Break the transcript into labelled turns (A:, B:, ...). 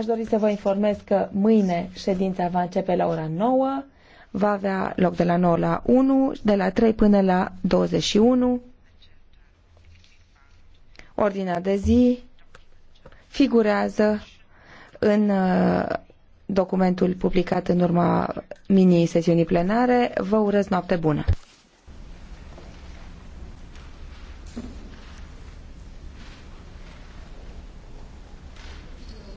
A: Aș dori să vă informez că mâine ședința va începe la ora 9, va avea loc de la 9 la 1, de la 3 până la 21. Ordinea de zi figurează în uh, documentul publicat în urma mini-sesiunii plenare. Vă urez noapte bună!